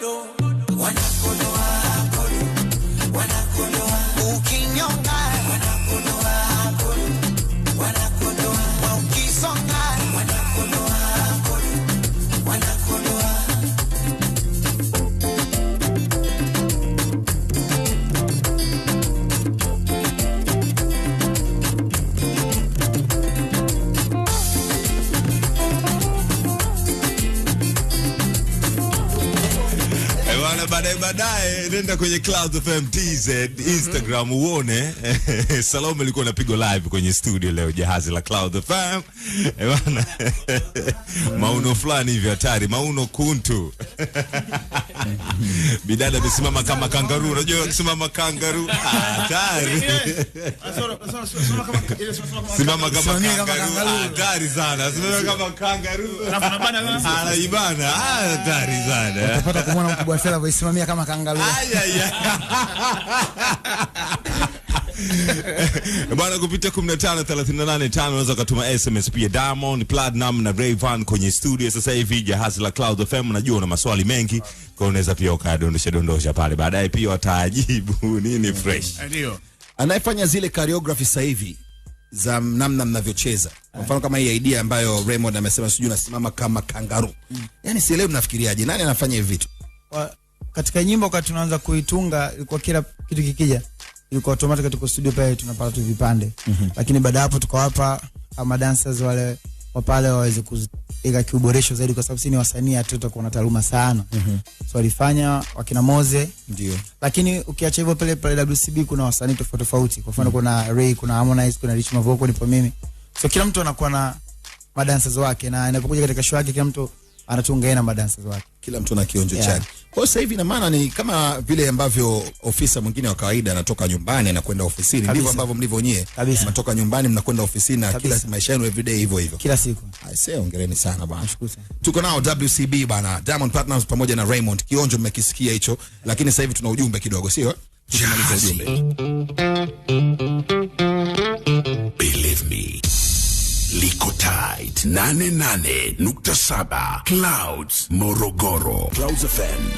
guanaco no, baadaye baadaye nenda kwenye Cloud FM TZ Instagram uone Salome alikuwa anapigwa live kwenye studio leo, jahazi la Cloud FM eh, bwana, mauno fulani hivi hatari, mauno kuntu Bidada amesimama kama kangaruu, unajua simama kangaruu. Ah, hatari. Simama kama kangaruu. Ah, hatari sana. Simama kama kangaruu. Anaibana. Ah, hatari sana. Utapata kumwona mkubwa Fela anavyosimamia kama kangaruu. bwana kupitia 15 38 5 unaweza ukatuma SMS pia. Diamond Platinum na Rayvan kwenye studio sasa hivi jahazi la Cloud FM. Najua una maswali mengi, kwa hiyo unaweza pia ukadondosha dondosha pale, baadaye pia watajibu nini fresh. Eh, ndio anayefanya zile choreography sasa hivi za namna mnavyocheza. Kwa mfano kama hii idea ambayo Raymond amesema, sijui nasimama kama kangaroo. Mm. Yaani sielewi mnafikiriaje, nani anafanya hivi vitu? Katika nyimbo wakati tunaanza kuitunga, kwa kila kitu kikija yuko automatic, katika studio pale tunapata tu vipande mm -hmm. Lakini baada hapo tukawapa ama uh, dancers wale wa pale waweze kuiga kiuboresho zaidi, kwa sababu si ni wasanii hatuta kuona taaluma sana mm -hmm. So walifanya wakina Moze ndio, lakini ukiacha hivyo pale pale WCB kuna wasanii tofauti tofauti, kwa mfano mm -hmm. kuna Ray, kuna Harmonize, kuna Rich Mavoko, nipo mimi, so kila mtu anakuwa na madancers wake, na inapokuja katika show yake kila mtu anatunga yeye na madancers wake, kila mtu na kionjo yeah. chake kwa sasa hivi ina maana ni kama vile ambavyo ofisa mwingine wa kawaida anatoka nyumbani anakwenda ofisini, ndivyo ambavyo mlivyo nyie, mnatoka nyumbani mnakwenda ofisini na kila maisha yenu day hivyo hivyo kila siku. say hongereni sana bwana, tuko nao WCB bwana Diamond Platnumz pamoja na Raymond. Kionjo mmekisikia hicho, lakini sasa hivi tuna ujumbe kidogo, sio? Tumalize ujumbe 88.7 Clouds Morogoro. Clouds FM.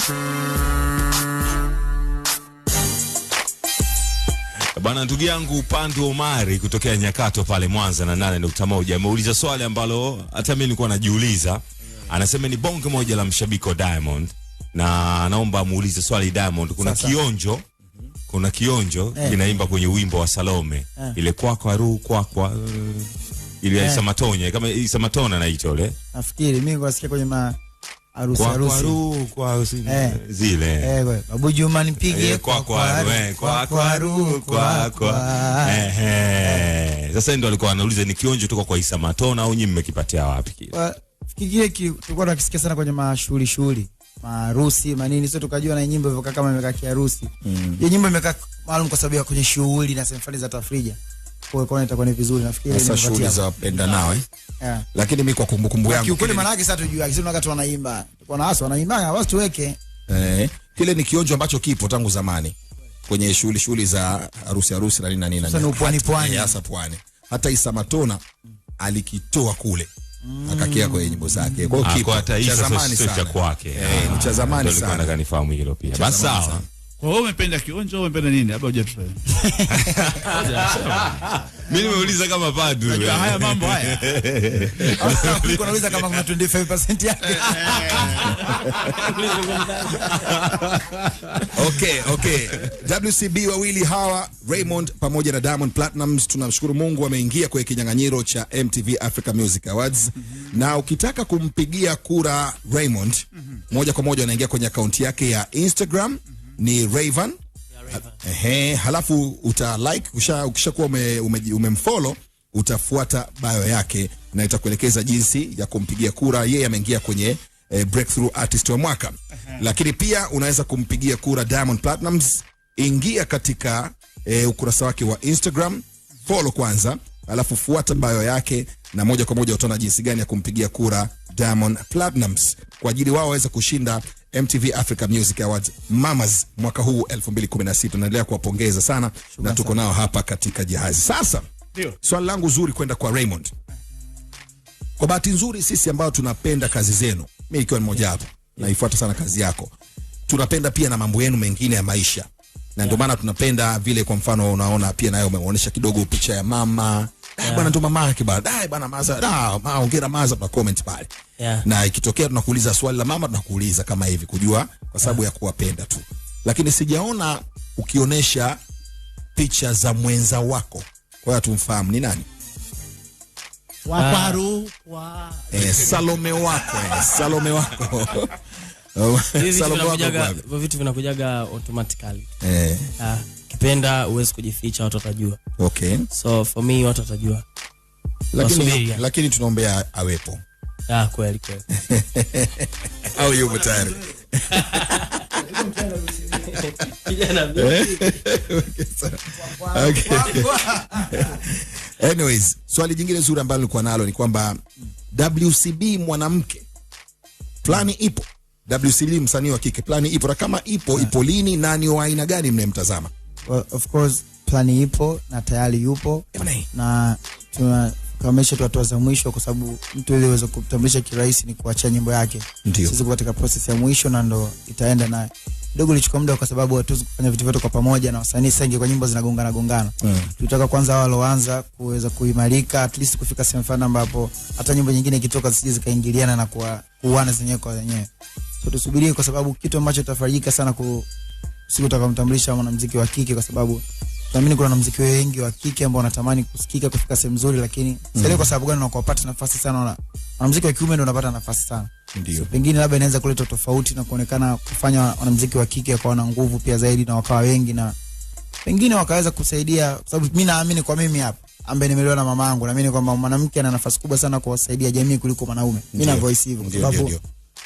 Bana, ndugu yangu Pandu Omari kutokea Nyakato pale Mwanza na nane nukta moja ameuliza swali ambalo hata mimi nilikuwa najiuliza. Anasema ni bonge moja la mshabiki wa Diamond na naomba muulize swali Diamond. Kuna Sasa. kionjo kuna kionjo eh, kinaimba kwenye wimbo wa Salome eh, ile kwakwa ruu kwakwa uh, ile yeah. Isamatonye kama Isamatona naitwa ile. Nafikiri mimi kwasikia kwenye ma harusi arusi. kwa harusi zile. Eh, Babu Juma nipige kwa kwa kwa kwa kwa. kwa Eh, eh. sasa ndio alikuwa anauliza ni kionjo kutoka kwa Isamatona au nyinyi mmekipatia wapi kile? Kile tulikuwa tunakisikia sana kwenye mashughuli shughuli maharusi manini, sio tukajua na nyimbo hivyo kama imekaa kiharusi. Mm. Hiyo nyimbo imekaa maalum kwa sababu ya kwenye shughuli na sehemu za tafrija kwa itakuwa ni vizuri, nafikiri shughuli za penda eh? yeah. Lakini mimi kwa kumbukumbu yangu maana yake sasa tujua wakati wanaimba wanaimba tuweke eh, kile ni kionjo ambacho kipo tangu zamani kwenye shughuli shughuli za harusi harusi na nini na nini, sasa ni pwani pwani, eh, hasa pwani. Hata Isamatona alikitoa kule Mm. Akakia kwenye nyimbo zake. Kwa ah, kipo cha zamani sana. Eh, cha kwake. Ah, cha zamani sana. nilikuwa hilo pia. Basi sawa. Kwa oh, hiyo umependa kionjo au umependa nini? Labda hujatufanya. Mimi nimeuliza kama padu. Unajua haya mambo haya. Niko nauliza kama kuna 25% yake. Okay, okay. WCB wawili hawa Raymond pamoja na Diamond Platnumz tunamshukuru Mungu ameingia kwenye kinyang'anyiro cha MTV Africa Music Awards. Mm -hmm. Na ukitaka kumpigia kura Raymond mm -hmm. moja kwa moja unaingia kwenye akaunti yake ya Instagram. Mm -hmm ni Rayvan Ehe, halafu uta like ukisha ukishakuwa ume, ume, utafuata bio yake na itakuelekeza jinsi ya kumpigia kura. Yeye ameingia kwenye eh, breakthrough artist wa mwaka uh -huh. Lakini pia unaweza kumpigia kura Diamond Platnumz. Ingia katika eh, ukurasa wake wa Instagram, follow kwanza, alafu fuata bayo yake, na moja kwa moja utaona jinsi gani ya kumpigia kura Diamond Platnumz kwa ajili wao waweze kushinda MTV Africa Music Awards Mamas mwaka huu 2016. Tunaendelea kuwapongeza sana Shuka na tuko nao hapa katika jihazi sasa. Ndio. Swali langu zuri kwenda kwa Raymond. Kwa bahati nzuri sisi ambao tunapenda kazi zenu, mimi nikiwa mmoja wapo, naifuata sana kazi yako. Tunapenda pia na mambo yenu mengine ya maisha. Na ndio maana tunapenda vile, kwa mfano unaona pia nayo umeonyesha kidogo picha ya mama yeah. bwana ndo mama yake bwana dai bwana maza da ah, ma ongera maza kwa comment pale yeah. na ikitokea tunakuuliza swali la mama tunakuuliza kama hivi kujua kwa sababu yeah. ya kuwapenda tu lakini sijaona ukionyesha picha za mwenza wako kwa hiyo tumfahamu ni nani wa paru ah. wa eh, Salome wako eh, Salome wako Salome wako vitu vinakujaga automatically eh. ah ukipenda uwezi kujificha, watu watajua. Okay. So for me watu watajua, lakini, lakini tunaombea awepo. Ah, kweli kweli. Au yupo tayari? Eh? Anyways, swali jingine zuri ambalo nilikuwa nalo ni kwamba WCB mwanamke plani ipo? WCB msanii wa kike plani ipo, na kama ipo, ah. ipo lini na ni wa aina gani mnayemtazama? well, of course plani ipo na tayari yupo na tunakamilisha tu hatua za mwisho kwa sababu mtu ili uweze kutambulisha kirahisi ni kuachia nyimbo yake sisi katika proses ya mwisho na ndo itaenda naye dogo lichukua muda kwa sababu hatuwezi kufanya vitu vyote kwa pamoja na wasanii sengi kwa nyimbo zinagongana gongana mm. tulitaka kwanza wao waanza kuweza kuimarika at least kufika sehemu fulani ambapo hata nyimbo nyingine ikitoka zisije zikaingiliana na kuwa kuuana zenyewe kwa zenyewe so tusubirie kwa sababu kitu ambacho tutafarijika sana ku, sikutaka kumtambulisha mwanamuziki wa kike kwa sababu naamini kuna wanamuziki wengi wa kike ambao wanatamani kusikika kufika sehemu nzuri, lakini mm. sasa kwa sababu gani wanakuwapata nafasi sana na wanamuziki wa kiume ndio wanapata nafasi sana ndio. So, pengine labda inaweza kuleta tofauti na kuonekana kufanya wanamuziki wa kike kwa na nguvu pia zaidi na wakawa wengi na pengine wakaweza kusaidia, kwa sababu mimi naamini kwa mimi hapa ambaye nimelelewa na mama yangu, naamini kwamba mwanamke ana nafasi kubwa sana kuwasaidia jamii kuliko mwanaume. Mimi na voice hivyo kwa sababu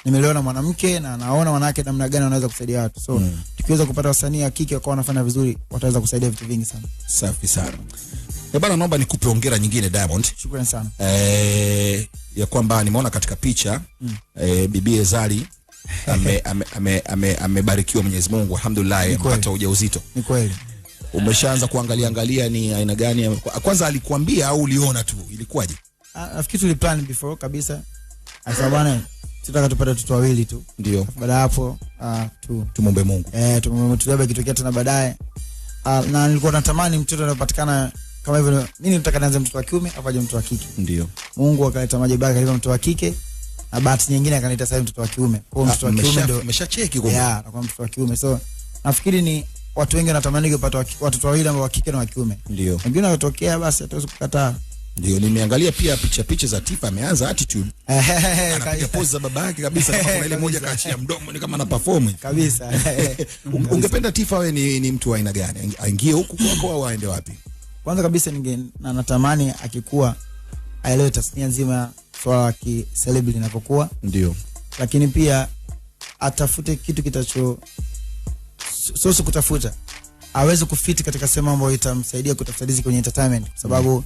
nimelelewa na mwanamke na naona wanawake namna gani wanaweza kusaidia watu so mm tukiweza kupata wasanii wa kike wakawa wanafanya vizuri, wataweza kusaidia vitu vingi sana. Safi sana. Eh, bana, naomba nikupe ongera nyingine Diamond. Shukrani sana. E, ya kwamba nimeona katika picha mm. e, eh, bibie Zari amebarikiwa ame, ame, ame, ame Mwenyezi Mungu alhamdulillah, amepata ujauzito. Ni kweli umeshaanza kuangalia angalia ni aina gani? Kwanza alikuambia au uliona tu, ilikuwaje? Ah, nafikiri tuliplan before kabisa, asa bwana tunataka tupate watoto wawili tu, ndio baada hapo uh, tu tumombe Mungu eh, tumombe tulioba kitokea tena baadaye. Uh, na nilikuwa natamani mtoto anapatikana kama hivyo, mimi nilitaka nianze mtoto wa kiume afaje mtoto wa kike, ndio Mungu akaleta majibu yake mtoto wa kike na bahati nyingine akanileta sasa mtoto wa kiume. Kwa hiyo ah, mtoto wa kiume ndio ameshacheki kwa yeah, na kwa mtoto wa kiume, so nafikiri ni watu wengi wanatamani kupata watoto wawili ambao wa kike na wa kiume, ndio wengine wanatokea, basi hatuwezi kukataa. Ndio nimeangalia pia picha picha za Tifa ameanza attitude. Anapiga pose za baba yake kabisa kama kuna ile moja kaachia mdomo ni kama ana perform. Kabisa. Ungependa Tifa awe ni, ni mtu wa aina gani? Aingie huku kwako au aende wapi? Kwanza kabisa ninge na natamani akikuwa aelewe tasnia nzima swala la celebrity linapokuwa. Ndio. Lakini pia atafute kitu kitacho sio kutafuta aweze kufiti katika sehemu ambayo itamsaidia kutafuta riziki kwenye entertainment, sababu mm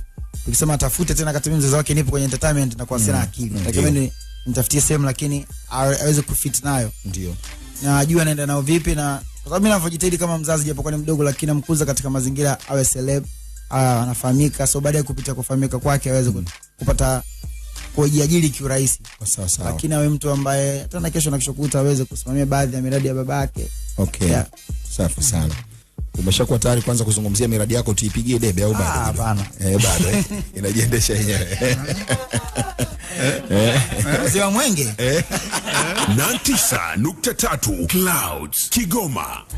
Ukisema atafute tena kati mzee wake nipo kwenye entertainment na kwa sana mm. akili. lakini mimi nitafutie sehemu lakini aweze kufit nayo. Ndio. Na ajue anaenda nao vipi na kwa sababu mimi ninavyojitahidi kama mzazi japokuwa ni mdogo lakini namkuza katika mazingira awe celeb, anafahamika. So baada ya kupitia kufahamika kwake aweze mm. kupata kujiajiri kiurahisi. Sawa sawa. Lakini awe mtu ambaye hata na kesho na kesho kuta aweze kusimamia baadhi ya miradi ya babake. Okay. Yeah. Safi sana. Umeshakuwa tayari kwanza kuzungumzia miradi yako tuipigie debe au bado? Ah, hapana. Eh, bado. Inajiendesha yenyewe. Eh. Ziwa Mwenge. 99.3 eh. Clouds Kigoma.